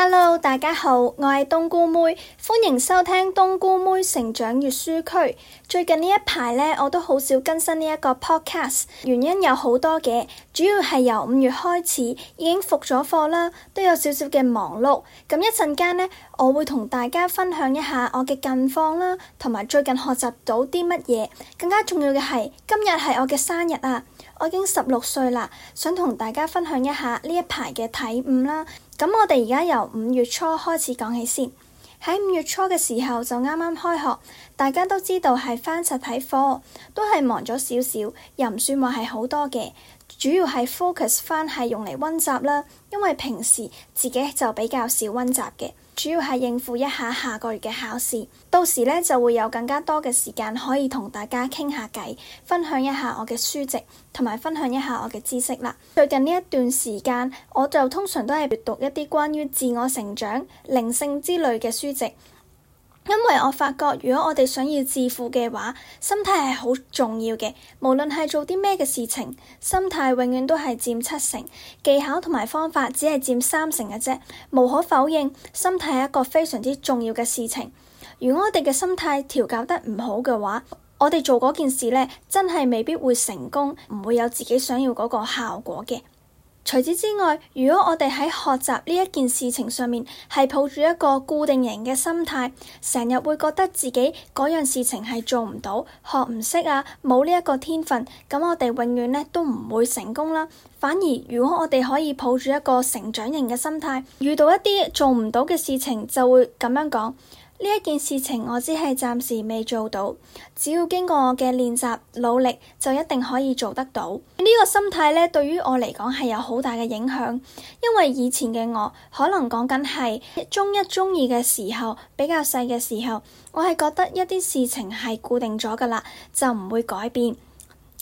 Hello，大家好，我係冬菇妹，歡迎收聽冬菇妹成長閱書區。最近呢一排呢，我都好少更新呢一個 podcast，原因有好多嘅，主要係由五月開始已經復咗課啦，都有少少嘅忙碌。咁一陣間呢，我會同大家分享一下我嘅近況啦，同埋最近學習到啲乜嘢。更加重要嘅係今日係我嘅生日啊，我已經十六歲啦，想同大家分享一下呢一排嘅體悟啦。咁我哋而家由五月初開始講起先。喺五月初嘅時候就啱啱開學，大家都知道係返實體課，都係忙咗少少，又唔算話係好多嘅。主要係 focus 返係用嚟温習啦，因為平時自己就比較少温習嘅。主要係應付一下下個月嘅考試，到時呢就會有更加多嘅時間可以同大家傾下偈，分享一下我嘅書籍，同埋分享一下我嘅知識啦。最近呢一段時間，我就通常都係閱讀一啲關於自我成長、靈性之類嘅書籍。因為我發覺，如果我哋想要致富嘅話，心態係好重要嘅。無論係做啲咩嘅事情，心態永遠都係佔七成，技巧同埋方法只係佔三成嘅啫。無可否認，心態係一個非常之重要嘅事情。如果我哋嘅心態調教得唔好嘅話，我哋做嗰件事咧，真係未必會成功，唔會有自己想要嗰個效果嘅。除此之外，如果我哋喺學習呢一件事情上面係抱住一個固定型嘅心態，成日會覺得自己嗰樣事情係做唔到、學唔識啊，冇呢一個天分，咁我哋永遠呢都唔會成功啦。反而如果我哋可以抱住一個成長型嘅心態，遇到一啲做唔到嘅事情，就會咁樣講。呢一件事情我只係暫時未做到，只要經過我嘅練習努力，就一定可以做得到。呢個心態咧，對於我嚟講係有好大嘅影響，因為以前嘅我可能講緊係中一中二嘅時候，比較細嘅時候，我係覺得一啲事情係固定咗噶啦，就唔會改變。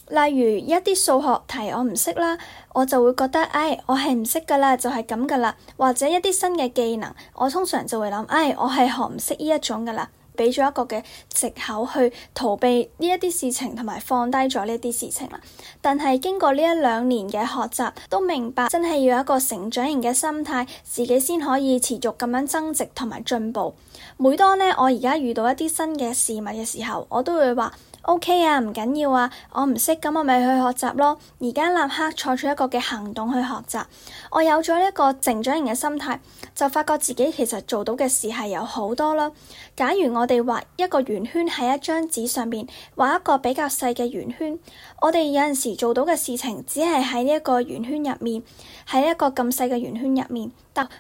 例如一啲數學題我唔識啦，我就會覺得，唉，我係唔識噶啦，就係咁噶啦。或者一啲新嘅技能，我通常就會諗，唉，我係學唔識呢一種噶啦，畀咗一個嘅藉口去逃避呢一啲事情同埋放低咗呢啲事情啦。但係經過呢一兩年嘅學習，都明白真係要有一個成長型嘅心態，自己先可以持續咁樣增值同埋進步。每當呢，我而家遇到一啲新嘅事物嘅時候，我都會話。O.K. 啊，唔緊要啊，我唔識咁，我咪去學習咯。而家立刻採取一個嘅行動去學習。我有咗呢一個成長型嘅心態，就發覺自己其實做到嘅事係有好多啦。假如我哋畫一個圓圈喺一張紙上面，畫一個比較細嘅圓圈，我哋有陣時做到嘅事情，只係喺呢一個圓圈入面，喺呢一個咁細嘅圓圈入面。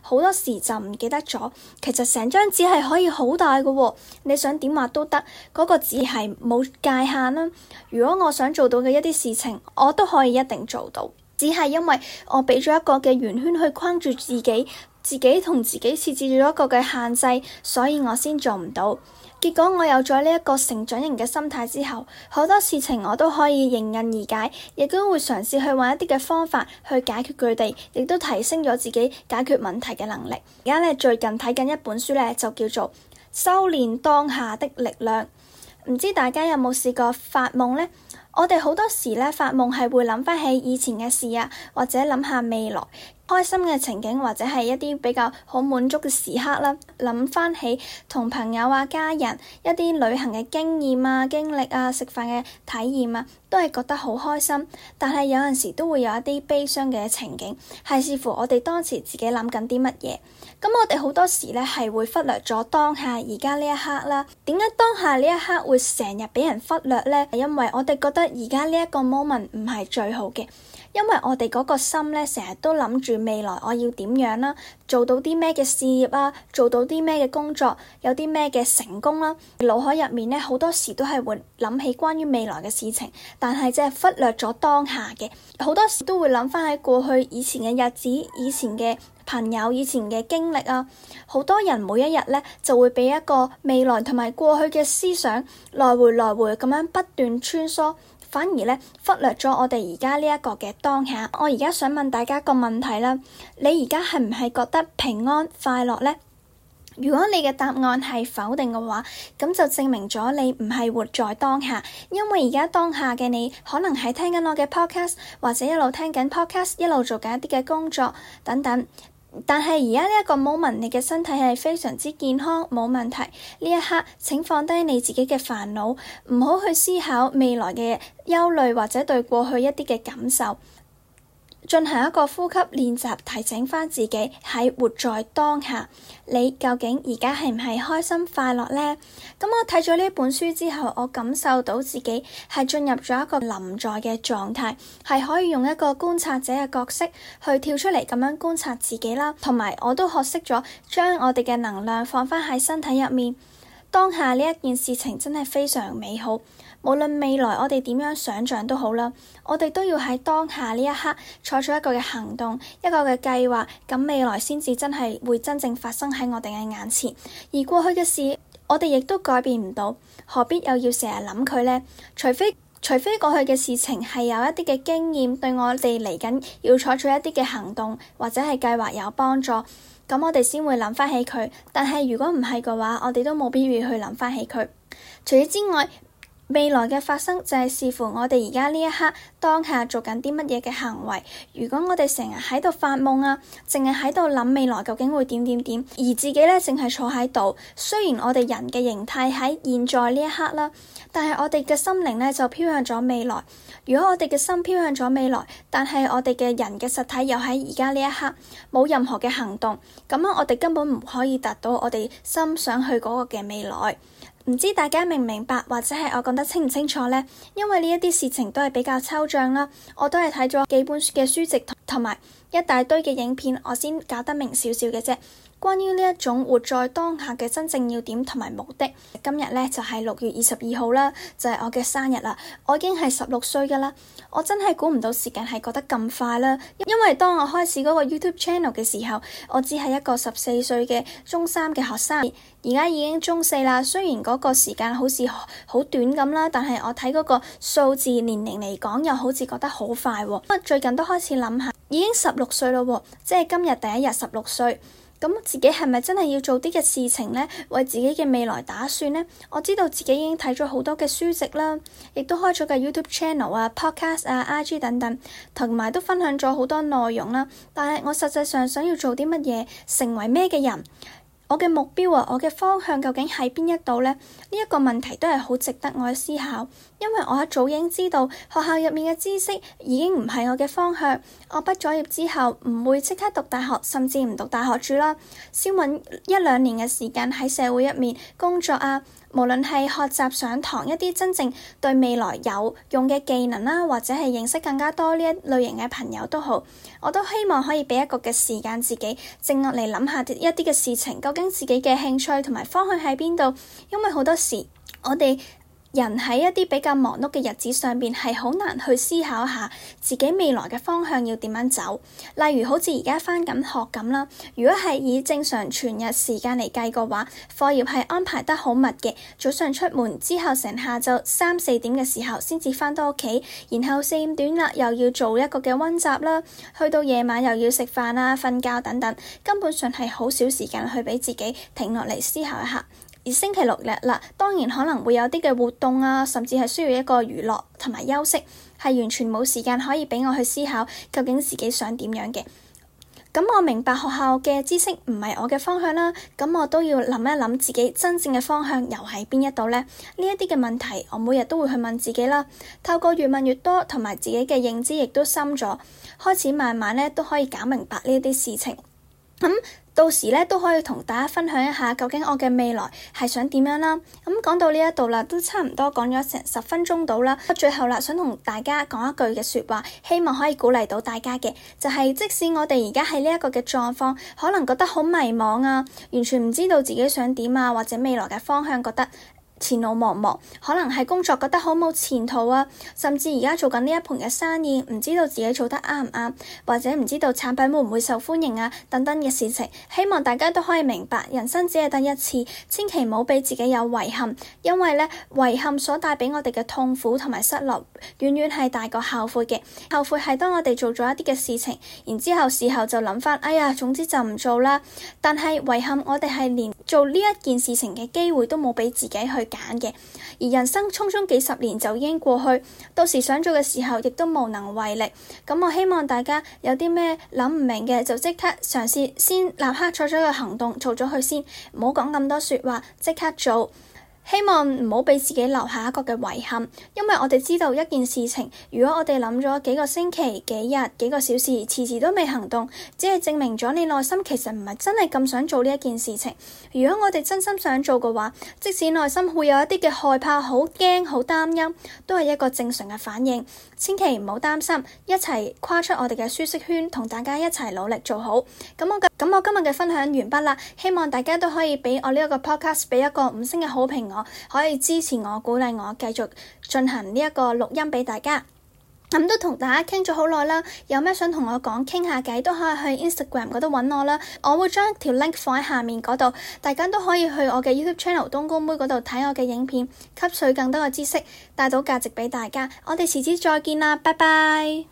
好多時就唔記得咗，其實成張紙係可以好大嘅喎，你想點畫都得，嗰個紙係冇界限啦。如果我想做到嘅一啲事情，我都可以一定做到，只係因為我畀咗一個嘅圓圈去框住自己，自己同自己設置咗一個嘅限制，所以我先做唔到。結果我有咗呢一個成長型嘅心態之後，好多事情我都可以迎刃而解，亦都會嘗試去揾一啲嘅方法去解決佢哋，亦都提升咗自己解決問題嘅能力。而家咧，最近睇緊一本書咧，就叫做《修煉當下的力量》。唔知大家有冇試過發夢咧？我哋好多時咧發夢係會諗翻起以前嘅事啊，或者諗下未來。開心嘅情景或者係一啲比較好滿足嘅時刻啦，諗翻起同朋友啊、家人一啲旅行嘅經驗啊、經歷啊、食飯嘅體驗啊，都係覺得好開心。但係有陣時都會有一啲悲傷嘅情景，係視乎我哋當時自己諗緊啲乜嘢。咁我哋好多時咧係會忽略咗當下而家呢一刻啦。點解當下呢一刻會成日俾人忽略咧？係因為我哋覺得而家呢一個 moment 唔係最好嘅。因為我哋嗰個心咧，成日都諗住未來我要點樣啦、啊，做到啲咩嘅事業啊，做到啲咩嘅工作，有啲咩嘅成功啦、啊，腦海入面咧好多時都係會諗起關於未來嘅事情，但係即係忽略咗當下嘅，好多時都會諗翻喺過去以前嘅日子、以前嘅朋友、以前嘅經歷啊，好多人每一日咧就會俾一個未來同埋過去嘅思想來回來回咁樣不斷穿梭。反而咧忽略咗我哋而家呢一個嘅當下。我而家想問大家一個問題啦，你而家係唔係覺得平安快樂咧？如果你嘅答案係否定嘅話，咁就證明咗你唔係活在當下。因為而家當下嘅你，可能係聽緊我嘅 podcast，或者一路聽緊 podcast，一路做緊一啲嘅工作等等。但係而家呢一個 moment 你嘅身體係非常之健康冇問題，呢一刻請放低你自己嘅煩惱，唔好去思考未來嘅憂慮或者對過去一啲嘅感受。進行一個呼吸練習，提醒翻自己喺活在當下。你究竟而家係唔係開心快樂呢？咁我睇咗呢本書之後，我感受到自己係進入咗一個臨在嘅狀態，係可以用一個觀察者嘅角色去跳出嚟咁樣觀察自己啦。同埋我都學識咗將我哋嘅能量放翻喺身體入面。當下呢一件事情真係非常美好。無論未來我哋點樣想象都好啦，我哋都要喺當下呢一刻採取一個嘅行動，一個嘅計劃，咁未來先至真係會真正發生喺我哋嘅眼前。而過去嘅事，我哋亦都改變唔到，何必又要成日諗佢呢？除非除非過去嘅事情係有一啲嘅經驗，對我哋嚟緊要採取一啲嘅行動或者係計劃有幫助，咁我哋先會諗翻起佢。但係如果唔係嘅話，我哋都冇必要去諗翻起佢。除此之外。未來嘅發生就係視乎我哋而家呢一刻當下做緊啲乜嘢嘅行為。如果我哋成日喺度發夢啊，淨係喺度諗未來究竟會點點點，而自己咧淨係坐喺度。雖然我哋人嘅形態喺現在呢一刻啦，但係我哋嘅心靈咧就飄向咗未來。如果我哋嘅心飄向咗未來，但係我哋嘅人嘅實體又喺而家呢一刻冇任何嘅行動，咁樣啊我哋根本唔可以達到我哋心想去嗰個嘅未來。唔，大家明唔明白，或者係我講得清唔清楚呢？因為呢一啲事情都係比較抽象啦，我都係睇咗幾本書嘅書籍同埋一大堆嘅影片，我先搞得明少少嘅啫。關於呢一種活在當下嘅真正要點同埋目的，今日呢就係六月二十二號啦，就係我嘅生日啦。我已經係十六歲㗎啦，我真係估唔到時間係過得咁快啦。因為當我開始嗰個 YouTube channel 嘅時候，我只係一個十四歲嘅中三嘅學生，而家已經中四啦。雖然嗰個時間好似好短咁啦，但係我睇嗰個數字年齡嚟講，又好似過得好快。不過最近都開始諗下，已經十六歲咯，即係今日第一日十六歲。咁自己係咪真係要做啲嘅事情呢？為自己嘅未來打算呢？我知道自己已經睇咗好多嘅書籍啦，亦都開咗個 YouTube channel 啊、Podcast 啊、IG 等等，同埋都分享咗好多內容啦。但係我實際上想要做啲乜嘢？成為咩嘅人？我嘅目標啊，我嘅方向究竟喺邊一度呢？呢一個問題都係好值得我思考，因為我一早已經知道學校入面嘅知識已經唔係我嘅方向。我畢咗業之後唔會即刻讀大學，甚至唔讀大學住啦，先揾一兩年嘅時間喺社會入面工作啊。無論係學習上堂一啲真正對未來有用嘅技能啦，或者係認識更加多呢一類型嘅朋友都好，我都希望可以畀一個嘅時間自己靜落嚟諗下一啲嘅事情，究竟自己嘅興趣同埋方向喺邊度？因為好多時我哋人喺一啲比較忙碌嘅日子上邊，係好難去思考下自己未來嘅方向要點樣走。例如好似而家返緊學咁啦，如果係以正常全日時間嚟計嘅話，課業係安排得好密嘅。早上出門之後，成下晝三四點嘅時候先至返到屋企，然後四五點啦，又要做一個嘅溫習啦。去到夜晚又要食飯啊、瞓覺等等，根本上係好少時間去俾自己停落嚟思考一下。而星期六日啦，當然可能會有啲嘅活動啊，甚至係需要一個娛樂同埋休息，係完全冇時間可以畀我去思考究竟自己想點樣嘅。咁我明白學校嘅知識唔係我嘅方向啦，咁我都要諗一諗自己真正嘅方向又喺邊一度呢？呢一啲嘅問題，我每日都會去問自己啦。透過越問越多，同埋自己嘅認知亦都深咗，開始慢慢咧都可以搞明白呢啲事情。到時都可以同大家分享一下，究竟我嘅未來係想點樣啦。咁講到呢一度啦，都差唔多講咗成十分鐘到啦。最後啦，想同大家講一句嘅説話，希望可以鼓勵到大家嘅，就係即使我哋而家喺呢一個嘅狀況，可能覺得好迷茫啊，完全唔知道自己想點啊，或者未來嘅方向覺得，前路茫茫，可能係工作覺得好冇前途啊，甚至而家做緊呢一盤嘅生意，唔知道自己做得啱唔啱，或者唔知道產品會唔會受歡迎啊，等等嘅事情。希望大家都可以明白，人生只係得一次，千祈唔好俾自己有遺憾，因為呢遺憾所帶畀我哋嘅痛苦同埋失落，遠遠係大過後悔嘅。後悔係當我哋做咗一啲嘅事情，然之後事後就諗返，哎呀，總之就唔做啦。但係遺憾，我哋係連做呢一件事情嘅機會都冇俾自己去揀嘅，而人生匆匆幾十年就已經過去，到時想做嘅時候亦都無能為力。咁我希望大家有啲咩諗唔明嘅，就即刻嘗試，先立刻採取個行動做咗佢先，唔好講咁多說話，即刻做。希望唔好畀自己留下一個嘅遺憾，因為我哋知道一件事情，如果我哋諗咗幾個星期、幾日、幾個小時，遲遲都未行動，只係證明咗你內心其實唔係真係咁想做呢一件事情。如果我哋真心想做嘅話，即使內心會有一啲嘅害怕、好驚、好擔憂，都係一個正常嘅反應。千祈唔好擔心，一齊跨出我哋嘅舒適圈，同大家一齊努力做好。咁我咁我今日嘅分享完畢啦，希望大家都可以畀我呢一個 podcast 俾一個五星嘅好評我，我可以支持我、鼓勵我繼續進行呢一個錄音畀大家。咁、嗯、都同大家傾咗好耐啦，有咩想同我講傾下偈都可以去 Instagram 嗰度揾我啦，我會將條 link 放喺下面嗰度，大家都可以去我嘅 YouTube channel 冬菇妹嗰度睇我嘅影片，吸取更多嘅知識，帶到價值畀大家。我哋遲啲再見啦，拜拜。